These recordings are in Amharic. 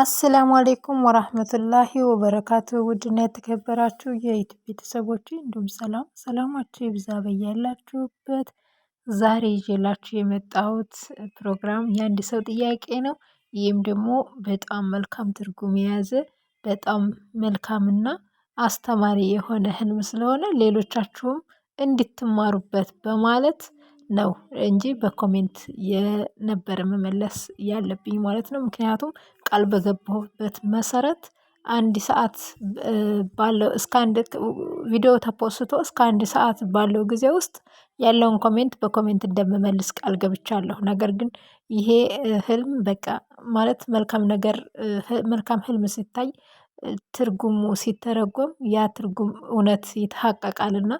አሰላሙ አሌይኩም ወራህመቱላሂ ወበረካቱ። ውድና የተከበራችሁ የኢትዮጵያ ቤተሰቦች እንዲሁም ሰላም ሰላማችሁ ይብዛ በያላችሁበት። ዛሬ ይዤላችሁ የመጣሁት ፕሮግራም የአንድ ሰው ጥያቄ ነው። ይህም ደግሞ በጣም መልካም ትርጉም የያዘ በጣም መልካምና አስተማሪ የሆነ ህልም ስለሆነ ሌሎቻችሁም እንድትማሩበት በማለት ነው እንጂ በኮሜንት የነበረ መመለስ ያለብኝ ማለት ነው። ምክንያቱም ቃል በገባሁበት መሰረት አንድ ሰዓት ባለው እስከ አንድ ቪዲዮ ተፖስቶ እስከ አንድ ሰዓት ባለው ጊዜ ውስጥ ያለውን ኮሜንት በኮሜንት እንደምመልስ ቃል ገብቻለሁ። ነገር ግን ይሄ ህልም በቃ ማለት መልካም ነገር መልካም ህልም ሲታይ ትርጉሙ ሲተረጎም ያ ትርጉም እውነት ይተሐቀቃልና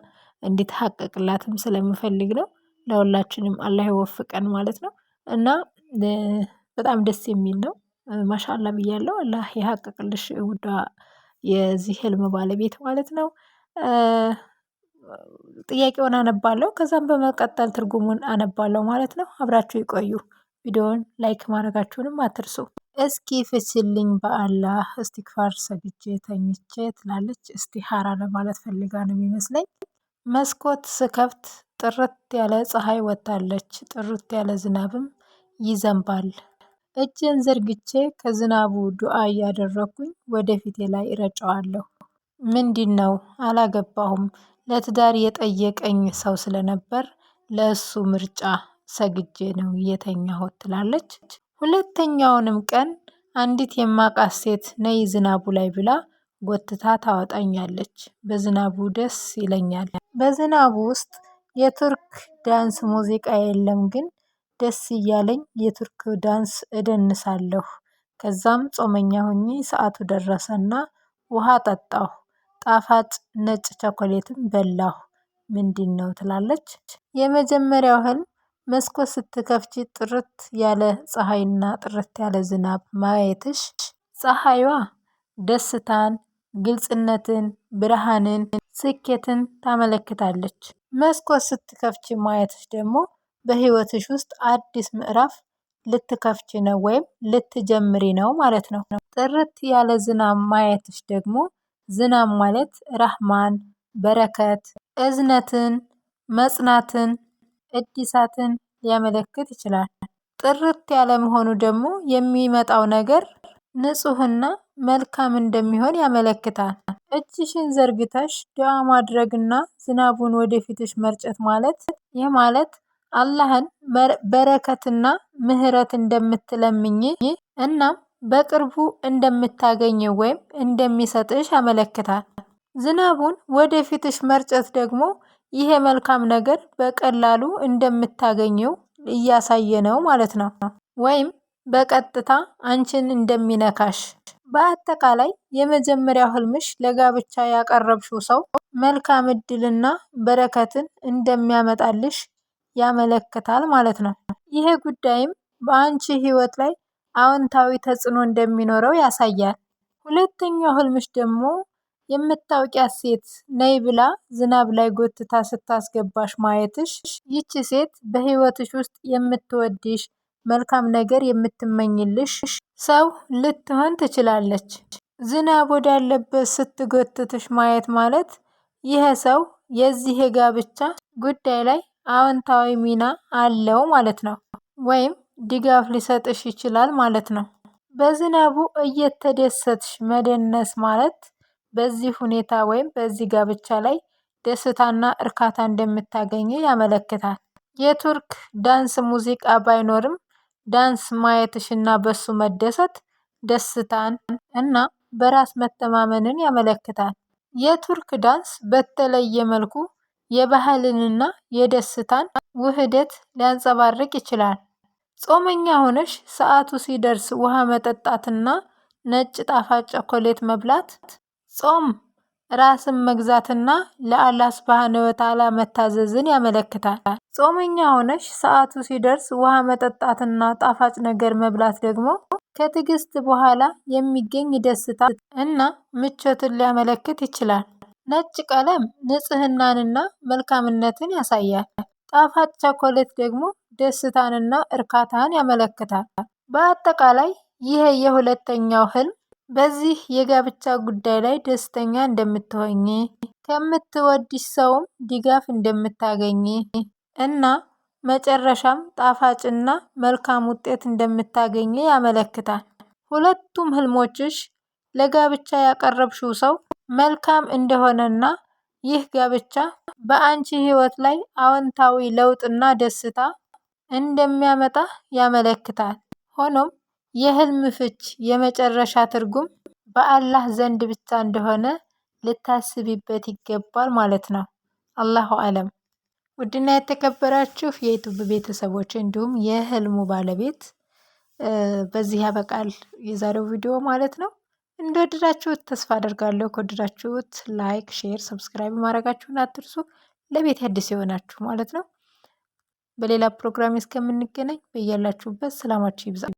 እንዲተሐቀቅላትም ስለምፈልግ ነው። ለሁላችንም አላህ ይወፍቀን ማለት ነው። እና በጣም ደስ የሚል ነው ማሻአላ ብያለሁ። አላህ የሀቅቅልሽ ውዷ የዚህ ህልም ባለቤት ማለት ነው። ጥያቄውን አነባለው፣ ከዛም በመቀጠል ትርጉሙን አነባለው ማለት ነው። አብራችሁ ይቆዩ። ቪዲዮውን ላይክ ማድረጋችሁንም አትርሱ። እስኪ ፍችልኝ በአላህ እስቲክፋር ሰግጄ ተኝቼ ትላለች። እስቲሃራ ለማለት ፈልጋ ነው የሚመስለኝ። መስኮት ስከፍት ጥርት ያለ ፀሐይ ወጥታለች። ጥርት ያለ ዝናብም ይዘንባል። እጄን ዘርግቼ ከዝናቡ ዱአ እያደረኩኝ ወደ ፊቴ ላይ እረጨዋለሁ። ነው አላገባሁም ለትዳር የጠየቀኝ ሰው ስለነበር ለእሱ ምርጫ ሰግጄ ነው የተኛሁት ትላለች። ሁለተኛውንም ቀን አንዲት የማቃት ሴት ነይ ዝናቡ ላይ ብላ ጎትታ ታወጣኛለች። በዝናቡ ደስ ይለኛል። በዝናቡ ውስጥ የቱርክ ዳንስ ሙዚቃ የለም ግን ደስ እያለኝ የቱርክ ዳንስ እደንሳለሁ። ከዛም ጾመኛ ሆኜ ሰዓቱ ደረሰና ውሃ ጠጣሁ። ጣፋጭ ነጭ ቸኮሌትም በላሁ። ነው ትላለች? የመጀመሪያው ህልም መስኮት ስትከፍቺ ጥርት ያለ ፀሐይና ጥርት ያለ ዝናብ ማየትሽ ፀሐይዋ ደስታን ግልጽነትን ብርሃንን ስኬትን ታመለክታለች። መስኮት ስትከፍቺ ማየትሽ ደግሞ በህይወትሽ ውስጥ አዲስ ምዕራፍ ልትከፍች ነው ወይም ልትጀምሪ ነው ማለት ነው። ጥርት ያለ ዝናብ ማየትሽ ደግሞ ዝናብ ማለት ራህማን፣ በረከት፣ እዝነትን፣ መጽናትን፣ እዲሳትን ሊያመለክት ይችላል። ጥርት ያለ መሆኑ ደግሞ የሚመጣው ነገር ንጹህና መልካም እንደሚሆን ያመለክታል። እጅሽን ዘርግተሽ ዱዓ ማድረግና ዝናቡን ወደፊትሽ መርጨት ማለት ይህ ማለት አላህን በረከትና ምህረት እንደምትለምኝ እናም በቅርቡ እንደምታገኝ ወይም እንደሚሰጥሽ ያመለክታል። ዝናቡን ወደፊትሽ መርጨት ደግሞ ይሄ መልካም ነገር በቀላሉ እንደምታገኘው እያሳየ ነው ማለት ነው፣ ወይም በቀጥታ አንቺን እንደሚነካሽ። በአጠቃላይ የመጀመሪያው ህልምሽ ለጋብቻ ያቀረብሽው ሰው መልካም እድልና በረከትን እንደሚያመጣልሽ ያመለክታል ማለት ነው። ይሄ ጉዳይም በአንቺ ህይወት ላይ አዎንታዊ ተጽዕኖ እንደሚኖረው ያሳያል። ሁለተኛው ህልምሽ ደግሞ የምታውቂያት ሴት ነይ ብላ ዝናብ ላይ ጎትታ ስታስገባሽ ማየትሽ፣ ይቺ ሴት በህይወትሽ ውስጥ የምትወድሽ መልካም ነገር የምትመኝልሽ ሰው ልትሆን ትችላለች። ዝናብ ወዳለበት ስትጎትትሽ ማየት ማለት ይህ ሰው የዚህ የጋብቻ ጉዳይ ላይ አዎንታዊ ሚና አለው ማለት ነው። ወይም ድጋፍ ሊሰጥሽ ይችላል ማለት ነው። በዝናቡ እየተደሰትሽ መደነስ ማለት በዚህ ሁኔታ ወይም በዚህ ጋብቻ ላይ ደስታና እርካታ እንደምታገኝ ያመለክታል። የቱርክ ዳንስ ሙዚቃ ባይኖርም ዳንስ ማየትሽና በሱ መደሰት ደስታን እና በራስ መተማመንን ያመለክታል። የቱርክ ዳንስ በተለየ መልኩ የባህልንና የደስታን ውህደት ሊያንጸባርቅ ይችላል። ጾመኛ ሆነሽ ሰዓቱ ሲደርስ ውሃ መጠጣትና ነጭ ጣፋጭ ቸኮሌት መብላት ጾም ራስን መግዛትና ለአላህ ሱብሃነሁ ወተዓላ መታዘዝን ያመለክታል። ጾመኛ ሆነሽ ሰዓቱ ሲደርስ ውሃ መጠጣትና ጣፋጭ ነገር መብላት ደግሞ ከትዕግስት በኋላ የሚገኝ ደስታ እና ምቾትን ሊያመለክት ይችላል። ነጭ ቀለም ንጽህናንና መልካምነትን ያሳያል፣ ጣፋጭ ቸኮሌት ደግሞ ደስታንና እርካታን ያመለክታል። በአጠቃላይ፣ ይህ የሁለተኛው ህልም በዚህ የጋብቻ ጉዳይ ላይ ደስተኛ እንደምትሆኝ ከምትወድሽ ሰውም ድጋፍ እንደምታገኝ እና መጨረሻም ጣፋጭና መልካም ውጤት እንደምታገኝ ያመለክታል። ሁለቱም ህልሞችሽ ለጋብቻ ያቀረብሽው ሰው መልካም እንደሆነና ይህ ጋብቻ በአንቺ ህይወት ላይ አዎንታዊ ለውጥና ደስታ እንደሚያመጣ ያመለክታል። ሆኖም የህልም ፍች የመጨረሻ ትርጉም በአላህ ዘንድ ብቻ እንደሆነ ልታስቢበት ይገባል ማለት ነው። አላሁ አለም። ውድና የተከበራችሁ የዩቱብ ቤተሰቦች እንዲሁም የህልሙ ባለቤት በዚህ ያበቃል የዛሬው ቪዲዮ ማለት ነው። እንደወደዳችሁት ተስፋ አደርጋለሁ። ከወደዳችሁት ላይክ፣ ሼር፣ ሰብስክራይብ ማድረጋችሁን አትርሱ። ለቤት አዲስ የሆናችሁ ማለት ነው። በሌላ ፕሮግራም እስከምንገናኝ በያላችሁበት ሰላማችሁ ይብዛ።